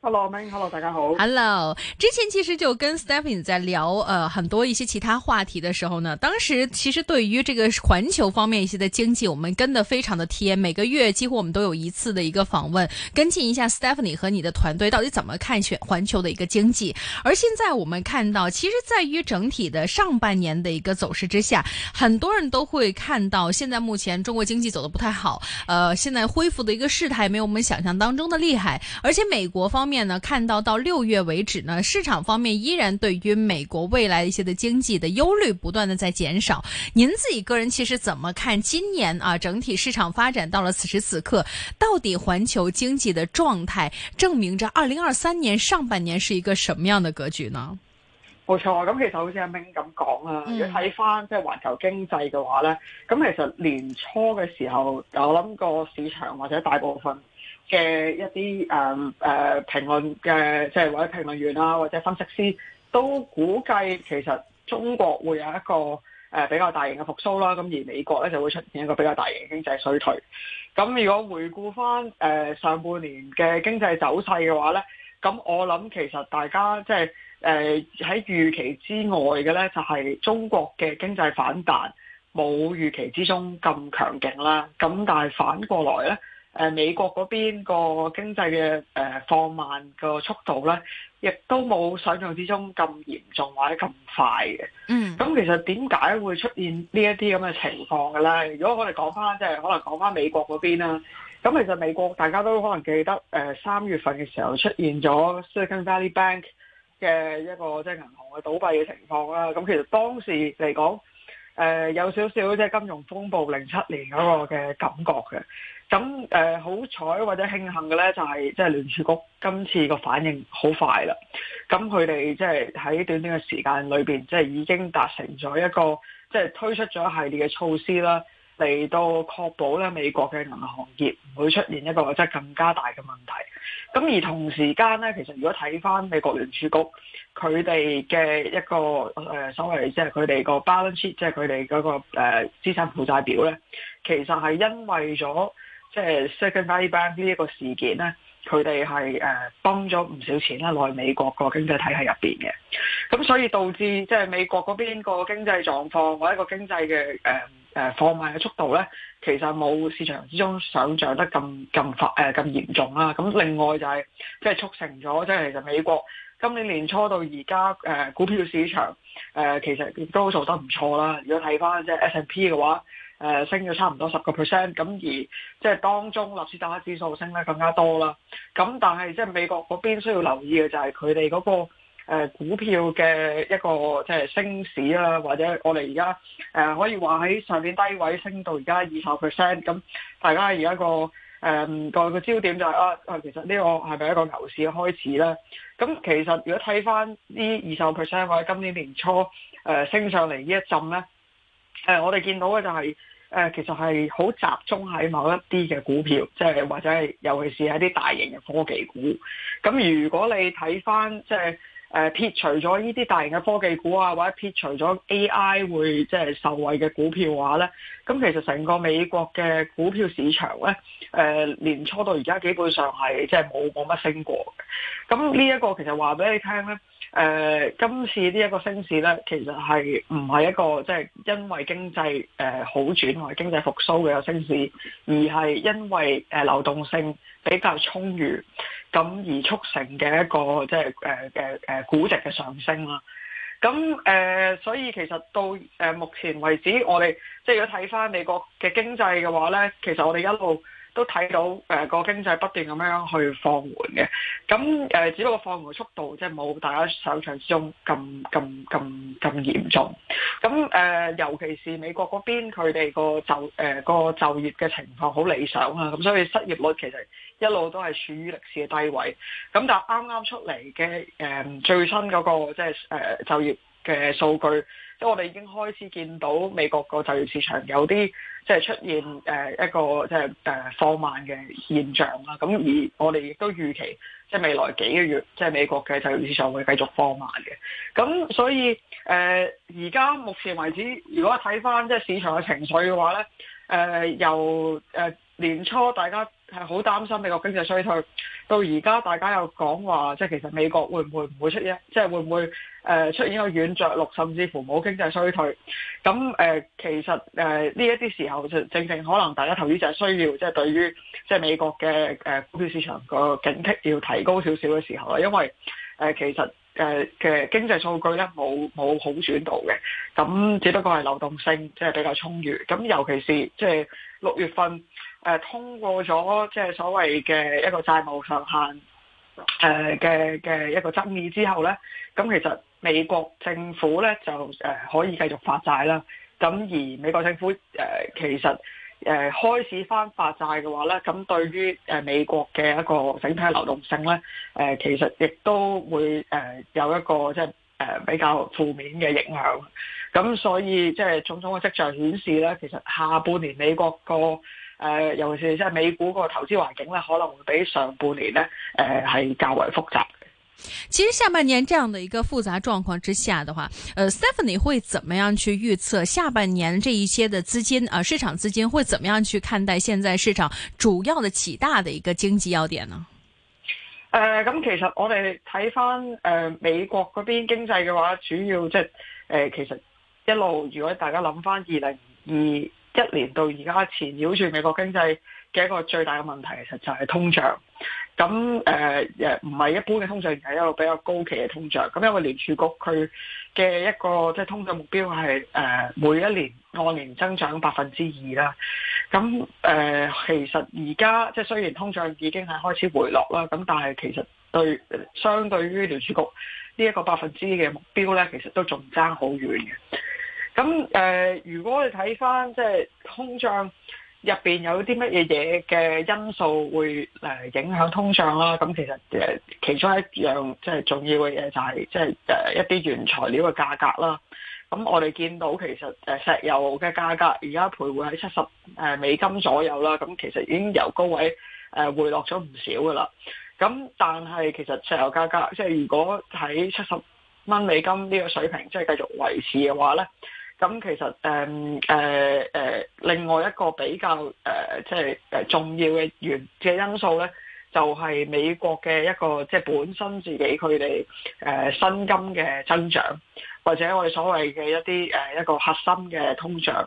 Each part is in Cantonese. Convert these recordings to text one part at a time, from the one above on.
Hello，明，Hello，大家好。Hello，之前其實就跟 Stephanie 在聊，呃，很多一些其他話題的時候呢，當時其實對於這個環球方面一些的經濟，我們跟的非常的貼，每個月幾乎我們都有一次的一個訪問，跟進一下 Stephanie 和你的團隊到底怎麼看全環球的一個經濟。而現在我們看到，其實在於整體的上半年的一個走勢之下，很多人都會看到，現在目前中國經濟走的不太好，呃，現在恢復的一個勢態沒有我們想象當中的厲害，而且美國方面呢，看到到六月為止呢，市場方面依然對於美國未來一些的經濟的憂慮不斷的在減少。您自己個人其實怎麼看今年啊整體市場發展到了此時此刻，到底環球經濟的狀態證明着二零二三年上半年是一個什麼樣的格局呢？冇錯、嗯，咁其實好似阿明咁講啊，要睇翻即係環球經濟嘅話咧，咁其實年初嘅時候，我諗個市場或者大部分。嘅一啲誒誒評論嘅，即係或者評論員啊，或者分析師都估計其實中國會有一個誒、呃、比較大型嘅復甦啦。咁而美國咧就會出現一個比較大型嘅經濟衰退。咁如果回顧翻誒上、呃、上半年嘅經濟走勢嘅話咧，咁我諗其實大家即係誒喺預期之外嘅咧，就係、是、中國嘅經濟反彈冇預期之中咁強勁啦。咁但係反過來咧。誒美國嗰邊個經濟嘅誒、呃、放慢個速度咧，亦都冇想象之中咁嚴重或者咁快嘅。嗯，咁其實點解會出現呢一啲咁嘅情況嘅咧？如果我哋講翻，即係可能講翻美國嗰邊啦。咁其實美國大家都可能記得，誒、呃、三月份嘅時候出現咗 Silicon Valley Bank 嘅一個即係、就是、銀行嘅倒閉嘅情況啦。咁其實當時嚟講。誒、呃、有少少即係金融風暴零七年嗰個嘅感覺嘅，咁誒好彩或者慶幸嘅咧，就係即係聯儲局今次個反應好快啦，咁佢哋即係喺短短嘅時間裏邊，即係已經達成咗一個即係推出咗一系列嘅措施啦。嚟到確保咧美國嘅銀行業唔會出現一個或者更加大嘅問題。咁而同時間咧，其實如果睇返美國聯儲局佢哋嘅一個誒、呃、所謂即係佢哋個 balance sheet，即係佢哋嗰個誒、呃、資產負債表咧，其實係因為咗即係 second bank 呢一個事件咧，佢哋係誒幫咗唔少錢啦內美國個經濟體系入邊嘅。咁所以導致即係、就是、美國嗰邊個經濟狀況或者個經濟嘅誒。呃誒、啊、放慢嘅速度咧，其實冇市場之中想像得咁咁快、誒、咁嚴重啦、啊。咁另外就係、是、即係促成咗，即係其實美國今年年初到而家誒股票市場誒、呃、其實亦都做得唔錯啦。如果睇翻即係 S&P 嘅話，誒、呃、升咗差唔多十個 percent。咁、呃、而即係當中納斯達克指數升得更加多啦。咁但係即係美國嗰邊需要留意嘅就係佢哋嗰個。誒股票嘅一個即係升市啦，或者我哋而家誒可以話喺上面低位升到而家二十 percent，咁大家而家個誒個、呃、個焦點就係、是、啊啊，其實呢個係咪一個牛市嘅開始咧？咁其實如果睇翻呢二十 percent 或者今年年初誒、呃、升上嚟呢一陣咧，誒、呃、我哋見到嘅就係、是、誒、呃、其實係好集中喺某一啲嘅股票，即、就、係、是、或者係尤其是喺啲大型嘅科技股。咁如果你睇翻即係，就是誒、呃、撇除咗呢啲大型嘅科技股啊，或者撇除咗 AI 會即係受惠嘅股票嘅話咧，咁其實成個美國嘅股票市場咧，誒、呃、年初到而家基本上係即係冇冇乜升過嘅。咁呢一個其實話俾你聽咧。誒，uh, 今次呢是是一，個、就是 uh, 一個升市咧，其實係唔係一個即係因為經濟誒好轉或經濟復甦嘅一個升市，而係因為誒流動性比較充裕，咁而促成嘅一個即係誒誒誒估值嘅上升啦。咁誒，uh, 所以其實到誒目前為止，我哋即係如果睇返美國嘅經濟嘅話咧，其實我哋一路，都睇到誒、呃、個經濟不斷咁樣去放緩嘅，咁誒、呃、只不過放緩速度即係冇大家想象之中咁咁咁咁嚴重。咁誒、呃、尤其是美國嗰邊佢哋個就誒、呃、個就業嘅情況好理想啊，咁所以失業率其實一路都係處於歷史嘅低位。咁但係啱啱出嚟嘅誒最新嗰、那個即係誒、呃、就業。嘅數據，即係我哋已經開始見到美國個就業市場有啲即係出現誒一個即係誒、啊、放慢嘅現象啦。咁而我哋亦都預期，即係未來幾個月即係美國嘅就業市場會繼續放慢嘅。咁所以誒，而、呃、家目前為止，如果睇返即係市場嘅情緒嘅話咧，誒、呃、由誒、呃、年初大家。係好擔心美國經濟衰退，到而家大家又講話，即係其實美國會唔會唔會，會出現，即係會唔會誒出現一個軟着陸，甚至乎冇經濟衰退。咁誒、呃，其實誒呢一啲時候，就正正可能大家投資就需要，即、就、係、是、對於即係美國嘅誒股票市場個警惕要提高少少嘅時候啦，因為誒、呃、其實。嘅嘅經濟數據咧冇冇好轉到嘅，咁只不過係流動性即係、就是、比較充裕，咁尤其是即係六月份誒、呃、通過咗即係所謂嘅一個債務上限誒嘅嘅一個爭議之後咧，咁其實美國政府咧就誒可以繼續發債啦，咁而美國政府誒、呃、其實。誒開始翻發債嘅話咧，咁對於誒美國嘅一個整體嘅流動性咧，誒其實亦都會誒有一個即係誒比較負面嘅影響。咁所以即係種種嘅跡象顯示咧，其實下半年美國個誒尤其是即係美股個投資環境咧，可能會比上半年咧誒係較為複雜。其實下半年這樣的一個複雜狀況之下的話，誒、呃、Stephanie、呃嗯、會怎麼樣去預測下半年這一些的資金啊、呃，市場資金會怎麼樣去看待現在市場主要的幾大的一個經濟要點呢？誒、呃，咁、嗯、其實我哋睇翻誒美國嗰邊經濟嘅話，主要即係誒其實一路如果大家諗翻二零二一年到而家前，繞住美國經濟嘅一個最大嘅問題，其實就係通脹。咁誒誒唔係一般嘅通脹，而係一個比較高期嘅通脹。咁因為聯儲局佢嘅一個即係通脹目標係誒、呃、每一年按年增長百分之二啦。咁誒、呃、其實而家即係雖然通脹已經係開始回落啦，咁但係其實對相對於聯儲局呢一個百分之嘅目標咧，其實都仲爭好遠嘅。咁誒、呃，如果你睇翻即係通脹。入邊有啲乜嘢嘢嘅因素會誒影響通脹啦？咁其實誒其中一樣即係重要嘅嘢就係即係誒一啲原材料嘅價格啦。咁我哋見到其實誒石油嘅價格而家徘徊喺七十誒美金左右啦。咁其實已經由高位誒回落咗唔少㗎啦。咁但係其實石油價格即係如果喺七十蚊美金呢個水平即係繼續維持嘅話咧。咁其實誒誒誒，另外一個比較誒即係誒重要嘅原嘅因素咧，就係、是、美國嘅一個即係、就是、本身自己佢哋誒薪金嘅增長，或者我哋所謂嘅一啲誒、呃、一個核心嘅通脹。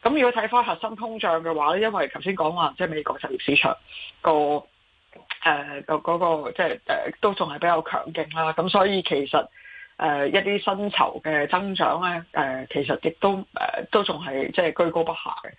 咁如果睇翻核心通脹嘅話咧，因為頭先講話即係美國就業市場、呃那個誒、呃那個嗰即係誒都仲係比較強勁啦。咁所以其實。誒、呃、一啲薪酬嘅增長咧，誒、呃、其實亦都誒、呃、都仲係即係居高不下嘅，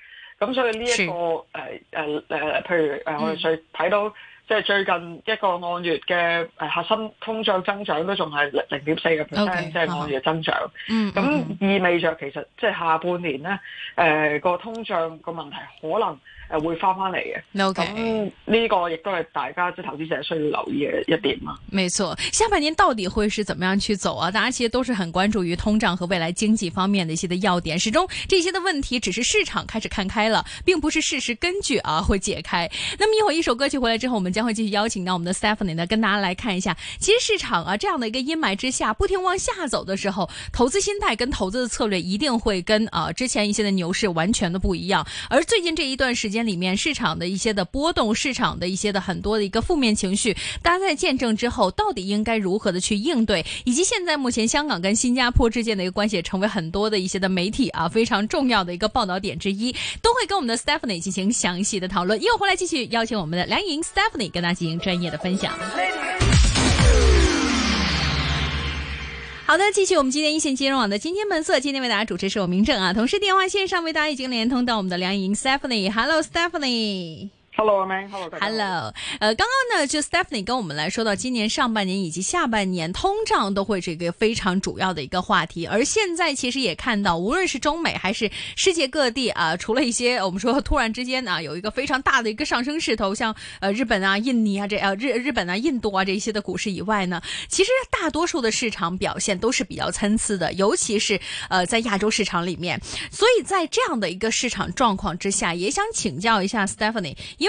咁所以呢、這、一個誒誒誒，譬如誒我哋最睇到即係、嗯、最近一個按月嘅核心通脹增長都仲係零點四個 percent，即係按月增長。嗯，咁意味着其實即係下半年咧，誒、呃、個通脹個問題可能。誒會翻翻嚟嘅，OK 呢、嗯這個亦都係大家即投資者需要留意嘅一點啊。沒錯，下半年到底會是怎麼樣去走啊？大家其實都是很關注於通脹和未來經濟方面的一些的要點，始終這些的問題只是市場開始看開了，並不是事實根據啊會解開。那麼一會一首歌曲回來之後，我們將會繼續邀請到我們的 Stephanie 呢，跟大家來看一下。其實市場啊，這樣的一個陰霾之下不停往下走的時候，投資心態跟投資的策略一定會跟啊之前一些的牛市完全的不一樣，而最近這一段時間。裏面市場的一些的波動，市場的一些的很多的一個負面情緒，大家在見證之後，到底應該如何的去應對，以及現在目前香港跟新加坡之間的一個關係，成為很多的一些的媒體啊非常重要的一個報道點之一，都會跟我們的 Stephanie 進行詳細的討論。一會回來繼續邀請我們的梁穎 Stephanie 跟大家進行專業的分享。 好的，繼續我們今天一線金融網的今天本色，今天為大家主持是我明正啊，同時電話線上為大家已經連通到我們的梁穎瑩。Stephanie，Hello Stephanie。Hello, Stephanie Hello，阿明。Hello，大家好。Hello，呃，剛剛呢就 Stephanie 跟我們來說到今年上半年以及下半年通脹都會是一個非常主要的一個話題，而現在其實也看到，無論是中美還是世界各地，啊，除了一些我們說突然之間啊，有一個非常大的一個上升勢頭，像，呃，日本啊、印尼啊這呃、啊、日日本啊、印度啊這一些的股市以外呢，其實大多數的市場表現都是比較參差的，尤其是，呃，在亞洲市場裏面，所以在這樣的一個市場狀況之下，也想請教一下 Stephanie，因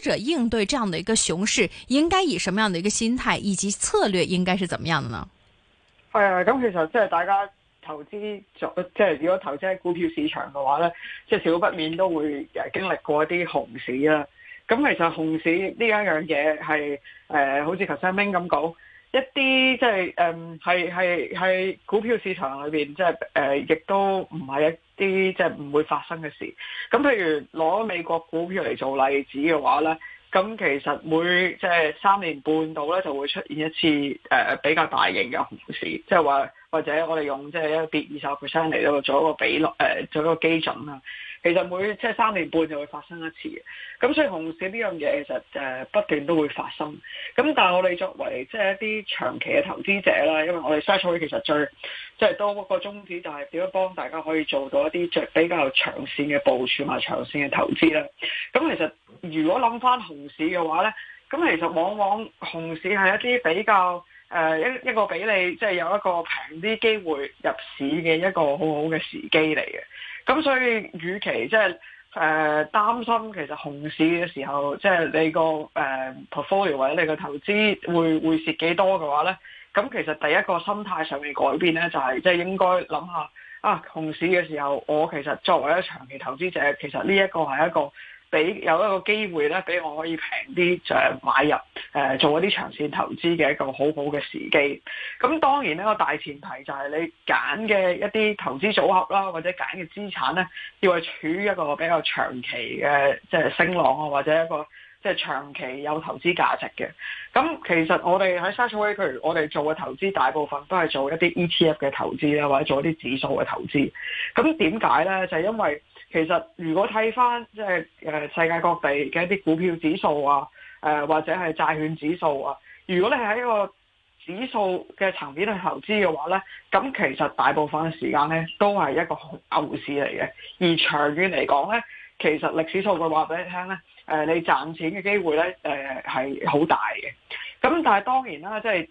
者應對這樣的一個熊市，應該以什麼樣的一個心態以及策略，應該是怎麼樣的呢？係啊、嗯，咁其實即係大家投資咗，即係如果投資喺股票市場嘅話呢，即係少不免都會誒經歷過一啲熊市啦。咁、嗯、其實熊市呢一樣嘢係誒，好似頭先阿 Ming 咁講，一啲即係誒，係係係股票市場裏邊、就是，即係誒，亦都唔係一。啲即係唔會發生嘅事，咁譬如攞美國股票嚟做例子嘅話咧，咁其實每即係三年半度咧就會出現一次誒、呃、比較大型嘅熊市，即係話。或者我哋用即係一啲二十 percent 嚟到做一個比率，誒做一個基準啦。其實每即係三年半就會發生一次，咁所以熊市呢樣嘢其實誒不斷都會發生。咁但係我哋作為即係一啲長期嘅投資者啦，因為我哋西草嘅其實最即係多一個宗旨，就係點樣幫大家可以做到一啲最比較長線嘅部署同埋長線嘅投資啦。咁其實如果諗翻熊市嘅話咧，咁其實往往熊市係一啲比較。誒一一個俾你即係、就是、有一個平啲機會入市嘅一個好好嘅時機嚟嘅，咁所以與其即係誒擔心其實熊市嘅時候，即、就、係、是、你個誒、呃、portfolio 或者你個投資會會蝕幾多嘅話咧，咁其實第一個心態上面改變咧，就係即係應該諗下啊，熊市嘅時候，我其實作為一長期投資者，其實呢一個係一個。俾有一個機會咧，俾我可以平啲就係買入，誒、呃、做一啲長線投資嘅一個好好嘅時機。咁當然呢個大前提就係你揀嘅一啲投資組合啦，或者揀嘅資產咧，要係處於一個比較長期嘅即係升浪啊，或者一個即係長期有投資價值嘅。咁其實我哋喺沙土區，譬如我哋做嘅投資，大部分都係做一啲 ETF 嘅投資啦，或者做一啲指數嘅投資。咁點解咧？就係、是、因為其實，如果睇返即係誒世界各地嘅一啲股票指數啊，誒、呃、或者係債券指數啊，如果你係喺一個指數嘅層面去投資嘅話咧，咁其實大部分嘅時間咧都係一個牛市嚟嘅。而長遠嚟講咧，其實歷史數據話俾你聽咧，誒、呃、你賺錢嘅機會咧，誒係好大嘅。咁但係當然啦，即係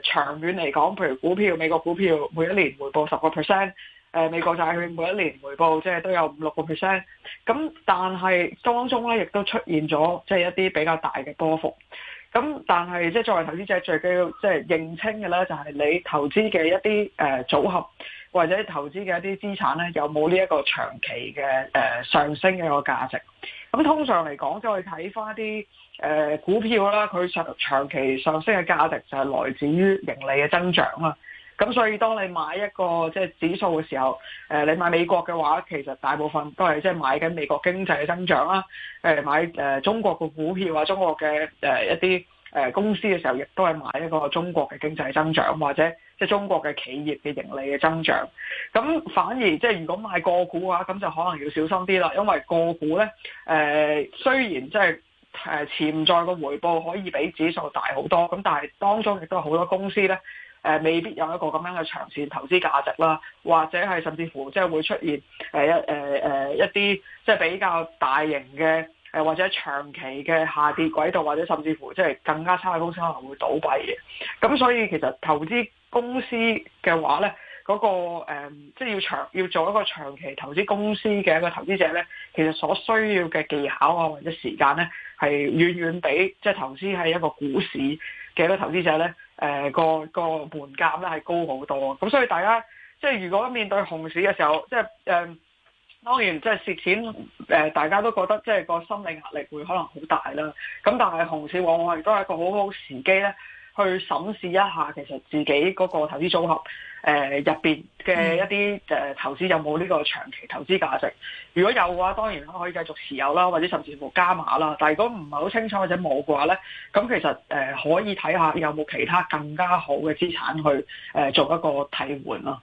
誒長遠嚟講，譬如股票、美國股票每一年回報十個 percent。誒美國債券每一年回報即係、就是、都有五六個 percent，咁但係當中咧亦都出現咗即係一啲比較大嘅波幅。咁但係即係作為投資者最緊要即係認清嘅咧，就係你投資嘅一啲誒、呃、組合或者投資嘅一啲資產咧，有冇呢一個長期嘅誒、呃、上升嘅一個價值？咁通常嚟講，再睇翻一啲誒股票啦，佢長長期上升嘅價值就係來自於盈利嘅增長啦。咁所以，當你買一個即係指數嘅時候，誒你買美國嘅話，其實大部分都係即係買緊美國經濟嘅增長啦。誒買誒中國嘅股票啊，中國嘅誒一啲誒公司嘅時候，亦都係買一個中國嘅經濟增長或者即係中國嘅企業嘅盈利嘅增長。咁反而即係如果買個股嘅話，咁就可能要小心啲啦，因為個股咧誒雖然即係誒潛在嘅回報可以比指數大好多，咁但係當中亦都有好多公司咧。誒、呃、未必有一個咁樣嘅長線投資價值啦，或者係甚至乎即係會出現誒、呃呃呃、一誒誒一啲即係比較大型嘅誒、呃、或者長期嘅下跌軌道，或者甚至乎即係更加差嘅公司可能會倒閉嘅。咁所以其實投資公司嘅話咧，嗰、那個即係、呃就是、要長要做一個長期投資公司嘅一個投資者咧，其實所需要嘅技巧啊或者時間咧係遠遠比即係、就是、投資喺一個股市嘅一個投資者咧。誒、呃、個個門檻咧係高好多，咁所以大家即係如果面對熊市嘅時候，即係誒、呃、當然即係蝕錢，誒、呃、大家都覺得即係個心理壓力會可能好大啦。咁但係熊市往往亦都係一個好好時機咧。去審視一下其實自己嗰個投資組合，誒入邊，嘅一啲誒、呃、投資有冇呢個長期投資價值？如果有嘅話，當然可以繼續持有啦，或者甚至乎加碼啦。但係如果唔係好清楚或者冇嘅話咧，咁其實誒、呃、可以睇下有冇其他更加好嘅資產去誒、呃、做一個替換咯、啊。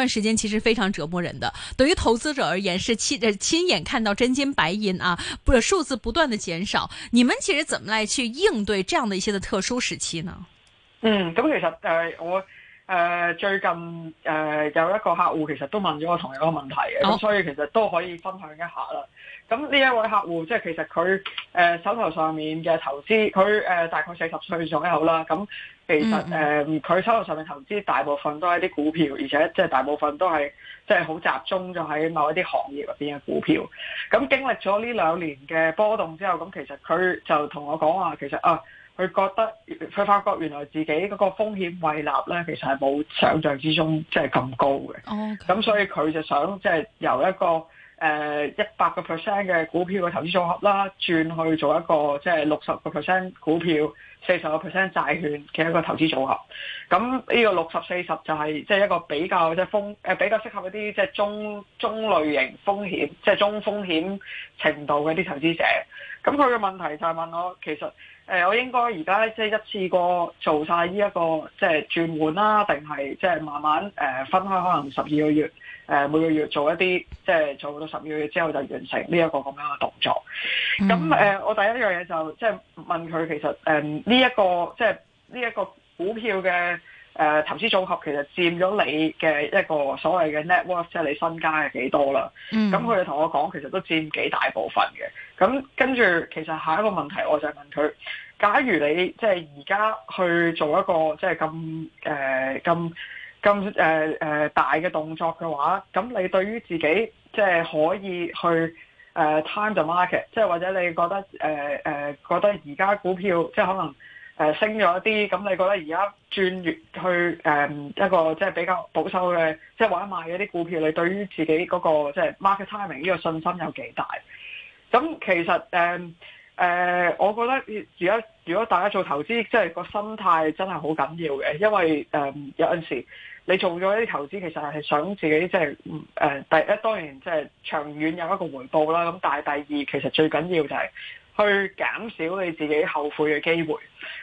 段時間其實非常折磨人的，對於投資者而言是親親眼看到真金白銀啊，不數字不斷的減少。你們其實怎麼來去應對這樣的一些的特殊時期呢？嗯，咁、嗯嗯、其實誒、呃、我誒、呃、最近誒、呃、有一個客戶其實都問咗我同樣個問題嘅，咁好所以其實都可以分享一下啦。咁、嗯、呢一位客戶即係其實佢誒、呃、手頭上面嘅投資，佢誒、呃、大概四十歲左右啦，咁、嗯。嗯 Mm hmm. 其實誒，佢、um, 手頭上面投資大部分都係啲股票，而且即係大部分都係即係好集中咗喺某一啲行業入邊嘅股票。咁經歷咗呢兩年嘅波動之後，咁其實佢就同我講話，其實啊，佢覺得佢發覺原來自己嗰個風險胃納呢，其實係冇想象之中即係咁高嘅。咁 Okay. 所以佢就想即係由一個誒一百個 percent 嘅股票嘅投資組合啦，轉去做一個即係六十個 percent 股票、四十個 percent 債券嘅一個投資組合。咁呢個六十四十就係即係一個比較即係、即係、風誒、呃、比較適合一啲即係中中類型風險，即、就、係、是、中風險程度嘅啲投資者。咁佢嘅問題就係問我其實。誒，我應該而家即係一次過做晒呢一個即係轉換啦，定係即係慢慢誒分開，可能十二個月誒每個月做一啲，即係做到十二個月之後就完成呢一個咁樣嘅動作。咁誒、嗯，我第一樣嘢就即係問佢其實誒呢一個即係呢一個股票嘅，誒、uh, 投資組合其實佔咗你嘅一個所謂嘅 net worth，即係你身家係幾多啦？咁佢哋同我講，其實都佔幾大部分嘅。咁跟住，其實下一個問題，我就係問佢：假如你即係而家去做一個即係咁誒咁咁誒誒大嘅動作嘅話，咁你對於自己即係、就是、可以去誒、呃、time the market，即係或者你覺得誒誒、呃呃、覺得而家股票即係、就是、可能，誒升咗一啲，咁你覺得而家轉越去誒、呃、一個即係比較保守嘅，即、就、係、是、玩賣嗰啲股票，你對於自己嗰、那個即係、就是、market timing 呢個信心有幾大？咁其實誒誒、呃呃，我覺得而家如果大家做投資，即、就、係、是、個心態真係好緊要嘅，因為誒、呃、有陣時你做咗一啲投資，其實係想自己即係誒第一當然即係長遠有一個回報啦，咁但係第二其實最緊要就係。去減少你自己後悔嘅機會，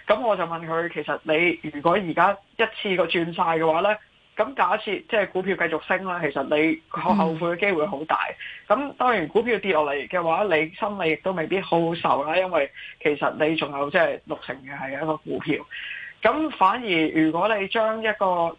咁我就問佢，其實你如果而家一次過轉晒嘅話呢？咁假設即係股票繼續升咧，其實你後悔嘅機會好大。咁當然股票跌落嚟嘅話，你心理亦都未必好受啦，因為其實你仲有即係六成嘅係一個股票。咁反而如果你將一個誒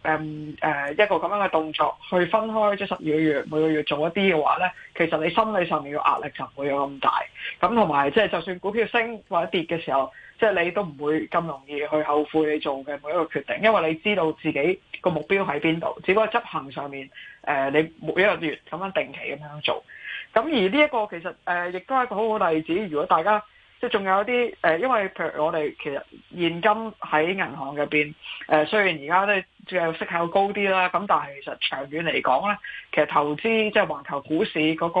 誒一個咁樣嘅動作去分開，即係十二個月每個月做一啲嘅話咧，其實你心理上面嘅壓力就唔會有咁大。咁同埋即係就算股票升或者跌嘅時候，即係你都唔會咁容易去後悔你做嘅每一個決定，因為你知道自己個目標喺邊度，只不過執行上面誒你每一個月咁樣定期咁樣做。咁而呢一個其實誒亦都係一個好好例子，如果大家。即係仲有啲誒、呃，因為譬如我哋其實現金喺銀行入邊誒，雖然而家咧嘅息口高啲啦，咁但係其實長遠嚟講咧，其實投資即係環球股市嗰、那個、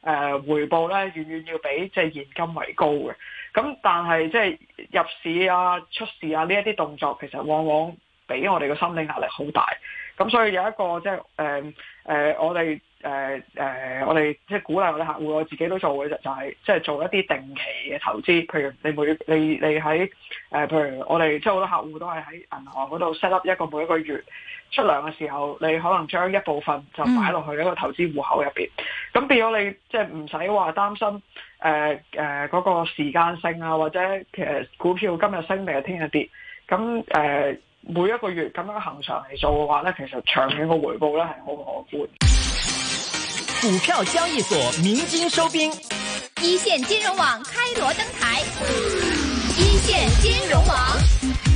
呃、回報咧，遠遠要比即係現金為高嘅。咁但係即係入市啊、出市啊呢一啲動作，其實往往俾我哋個心理壓力好大。咁所以有一個、就是呃呃呃呃呃呃呃、即係誒誒，我哋誒誒，我哋即係鼓勵我哋客戶，我自己都做嘅就係即係做一啲定期嘅投資，譬如你每你你喺誒，譬、呃、如我哋即係好多客戶都係喺銀行嗰度 set up 一個每一個月出糧嘅時候，你可能將一部分就擺落去一個投資戶口入邊，咁變咗你即係唔使話擔心誒誒嗰個時間性啊，或者其實股票今日升定係聽日跌，咁、呃、誒。呃每一個月咁樣行上嚟做嘅話咧，其實長遠嘅回報咧係好可觀。股票交易所鳴金收兵，一線金融網開鑼登台，嗯、一線金融網。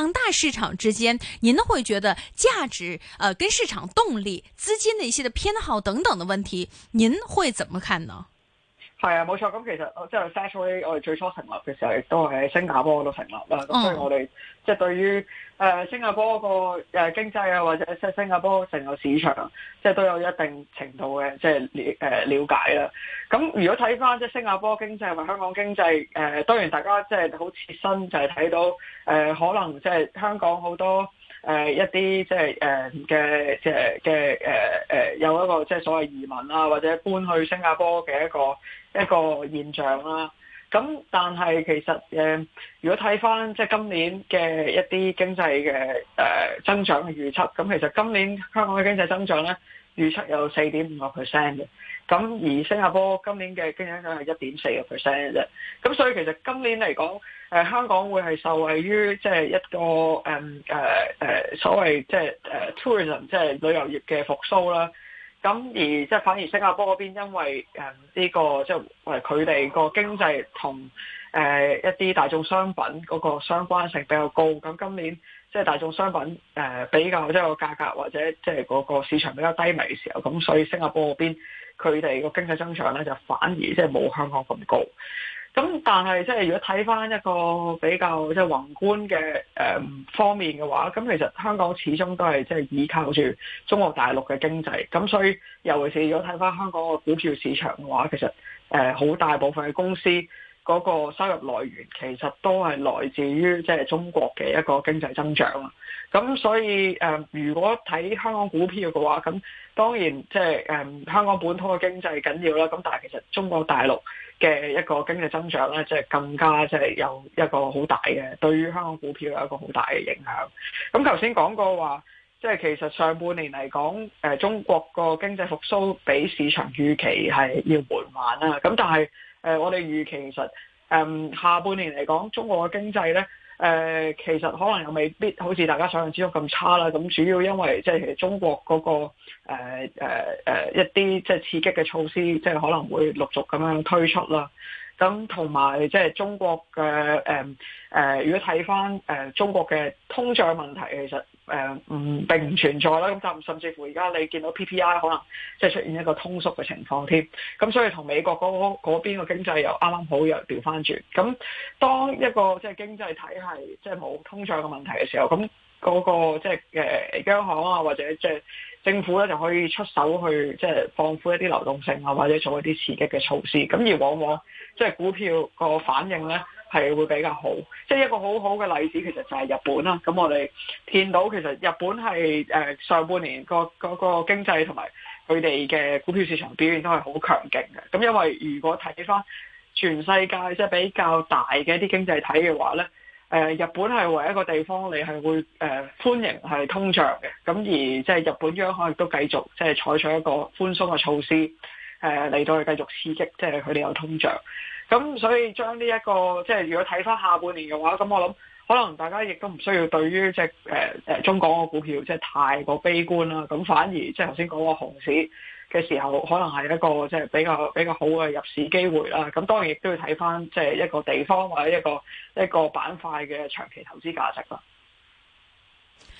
兩大市場之間，您會覺得價值，呃，跟市場動力、資金的一些的偏好等等的問題，您會怎麼看呢？係啊，冇錯。咁其實即係、就是、Satway，我哋最初成立嘅時候，亦都係喺新加坡度成立啦。咁所以我哋即係對於誒新加坡個誒經濟啊，或者即係新加坡成個市場，即、就、係、是、都有一定程度嘅即係了誒瞭解啦。咁如果睇翻即係新加坡經濟同埋香港經濟誒，當然大家即係好切身就係睇到誒，可能即係香港好多。誒、呃、一啲即係誒嘅嘅嘅誒誒有一個即係所謂移民啊，或者搬去新加坡嘅一個一個現象啦。咁、啊、但係其實誒、呃，如果睇翻即係今年嘅一啲經濟嘅誒增長嘅預測，咁其實今年香港嘅經濟增長咧預測有四點五個 percent 嘅。咁而新加坡今年嘅經濟增長係一點四個 percent 嘅啫，咁所以其實今年嚟講，誒、呃、香港會係受惠於即係一個誒誒誒所謂即係誒 tourism 即係旅遊業嘅復甦啦。咁而即係反而新加坡嗰邊，因為誒呢、嗯這個即係佢哋個經濟同誒一啲大眾商品嗰個相關性比較高。咁今年即係大眾商品誒、呃、比較即係個價格或者即係嗰個市場比較低迷嘅時候，咁所以新加坡嗰邊。佢哋個經濟增長咧，就反而即係冇香港咁高。咁但係即係如果睇返一個比較即係宏觀嘅誒方面嘅話，咁其實香港始終都係即係依靠住中國大陸嘅經濟。咁所以尤其是如果睇返香港個股票市場嘅話，其實誒好大部分嘅公司嗰個收入來源其實都係來自於即係中國嘅一個經濟增長。咁所以誒，如果睇香港股票嘅話，咁。當然，即係誒香港本土嘅經濟緊要啦。咁但係其實中國大陸嘅一個經濟增長咧，即係更加即係有一個好大嘅，對於香港股票有一個好大嘅影響。咁頭先講過話，即係其實上半年嚟講，誒中國個經濟復甦比市場預期係要緩慢啦。咁但係誒我哋預期其實誒下半年嚟講，中國嘅經濟咧。誒、呃、其實可能又未必好似大家想象之中咁差啦，咁主要因為即係中國嗰個誒誒誒一啲即係刺激嘅措施，即係可能會陸續咁樣推出啦。咁同埋即係中國嘅誒誒，如果睇翻誒中國嘅通脹問題，其實誒唔、呃、並唔存在啦。咁就甚至乎而家你見到 PPI 可能即係出現一個通縮嘅情況添。咁所以同美國嗰嗰邊嘅經濟又啱啱好又調翻轉。咁當一個即係經濟體系即係冇通脹嘅問題嘅時候，咁。嗰個即係誒央行啊，或者即係政府咧，就可以出手去即係放寬一啲流動性啊，或者做一啲刺激嘅措施。咁而往往即係股票個反應咧，係會比較好。即係一個好好嘅例子，其實就係日本啦。咁我哋見到其實日本係誒上半年個嗰個經濟同埋佢哋嘅股票市場表現都係好強勁嘅。咁因為如果睇返全世界即係比較大嘅一啲經濟體嘅話咧。誒日本係唯一一個地方你，你係會誒歡迎係通脹嘅，咁而即係日本央行亦都繼續即係採取一個寬鬆嘅措施，誒、呃、嚟到去繼續刺激，即係佢哋有通脹。咁所以將呢一個即係、就是、如果睇返下半年嘅話，咁我諗可能大家亦都唔需要對於即係誒誒中港嘅股票即係太過悲觀啦。咁反而即係頭先講個熊市嘅時候，可能係一個即係、就是、比較比較好嘅入市機會啦。咁當然亦都要睇返即係一個地方或者一個一個板塊嘅長期投資價值啦。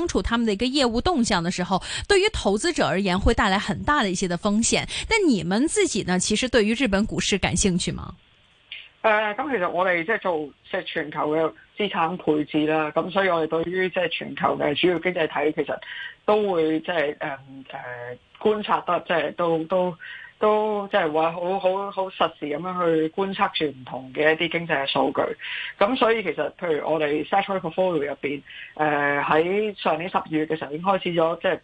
清楚他們的一個業務動向的時候，對於投資者而言會帶來很大的一些的風險。但你們自己呢？其實對於日本股市感興趣嗎？誒、呃、咁、嗯、其實我哋即係做即係全球嘅資產配置啦，咁所以我哋對於即係全球嘅主要經濟體，其實都會即係誒誒觀察得即係都都。都都即係話好好好實時咁樣去觀測住唔同嘅一啲經濟嘅數據。咁所以其實譬如我哋 set up 個 portfolio 入邊，誒、呃、喺上年十二月嘅時候已經開始咗即係。就是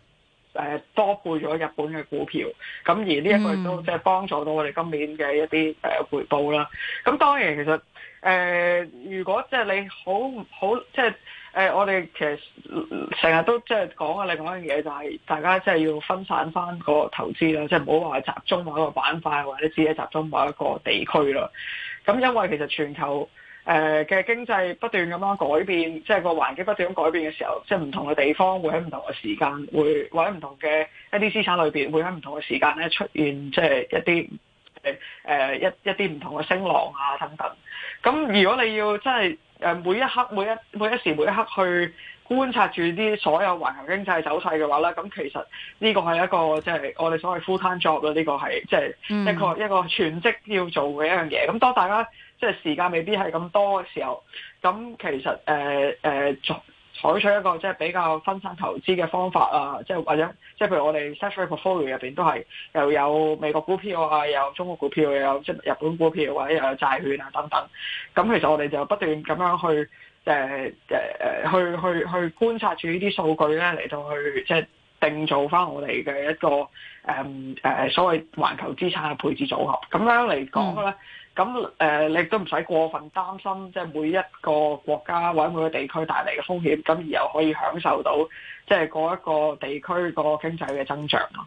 誒多配咗日本嘅股票，咁而呢一個亦都即係幫助到我哋今年嘅一啲誒回報啦。咁、mm. 呃、當然其實誒、呃，如果即係你好好即係誒，我哋其實成日都即係講下另外一樣嘢就係大家即係要分散翻個投資啦，即係唔好話集中某一個板塊或者只係集中某一個地區啦。咁因為其實全球，誒嘅經濟不斷咁樣改變，即係個環境不斷咁改變嘅時候，即係唔同嘅地方會喺唔同嘅時間，會或者唔同嘅一啲資產裏邊，會喺唔同嘅時間咧出現，即係一啲誒誒一一啲唔同嘅聲浪啊等等。咁如果你要真係誒每一刻每一每一時每一刻去。觀察住啲所有環球經濟走勢嘅話咧，咁其實呢個係一個即係、就是、我哋所謂 full time job 啦。呢個係即係一個、mm. 一個全職要做嘅一樣嘢。咁當大家即係、就是、時間未必係咁多嘅時候，咁其實誒誒、呃呃、採取一個即係、就是、比較分散投資嘅方法啊，即係或者即係譬如我哋 sectoral portfolio 入邊都係又有美國股票啊，又有中國股票，又有即係日本股票或者又有債券啊等等。咁其實我哋就不斷咁樣去。誒誒誒，去去去觀察住呢啲數據咧，嚟到去即係、就是、定做翻我哋嘅一個誒誒、嗯、所謂環球資產嘅配置組合。咁樣嚟講咧，咁誒、嗯、你都唔使過分擔心，即係每一個國家或者每個地區帶嚟嘅風險，咁而又可以享受到即係嗰一個地區個經濟嘅增長咯。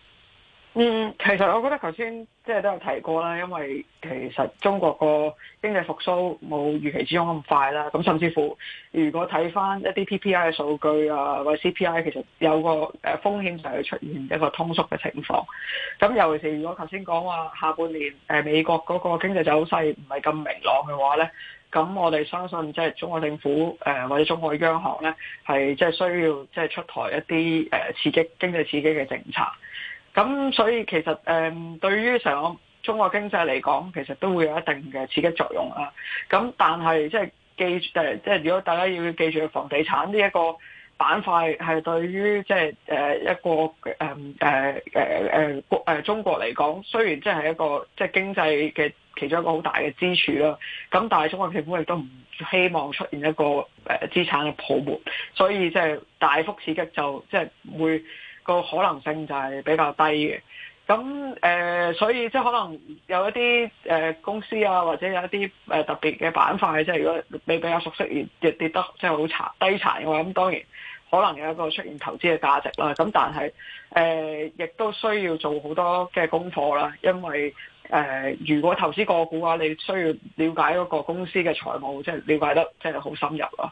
嗯，其實我覺得頭先即係都有提過啦，因為其實中國個經濟復蘇冇預期之中咁快啦，咁甚至乎如果睇翻一啲 PPI 嘅數據啊，或者 CPI，其實有個誒風險就係出現一個通縮嘅情況。咁尤其是如果頭先講話下半年誒美國嗰個經濟走勢唔係咁明朗嘅話咧，咁我哋相信即係中國政府誒、呃、或者中國央行咧係即係需要即係出台一啲誒刺激經濟刺激嘅政策。咁所以其實誒對於成個中國經濟嚟講，其實都會有一定嘅刺激作用啦。咁但係即係記誒，即係如果大家要記住，房地產呢一個板塊係對於即係誒一個誒誒誒誒中國嚟講，雖然即係一個即係經濟嘅其中一個好大嘅支柱啦。咁但係中國政府亦都唔希望出現一個誒資產嘅泡沫，所以即係大幅刺激就即係會個可能性就係比較低嘅，咁誒、呃，所以即係可能有一啲誒、呃、公司啊，或者有一啲誒、呃、特別嘅板塊，即係如果你比較熟悉亦跌，跌，跌得即係好殘低殘嘅話，咁當然可能有一個出現投資嘅價值啦。咁但係誒、呃、亦都需要做好多嘅功課啦，因為誒、呃、如果投資個股啊，你需要了解嗰個公司嘅財務，即係了解得即係好深入啦。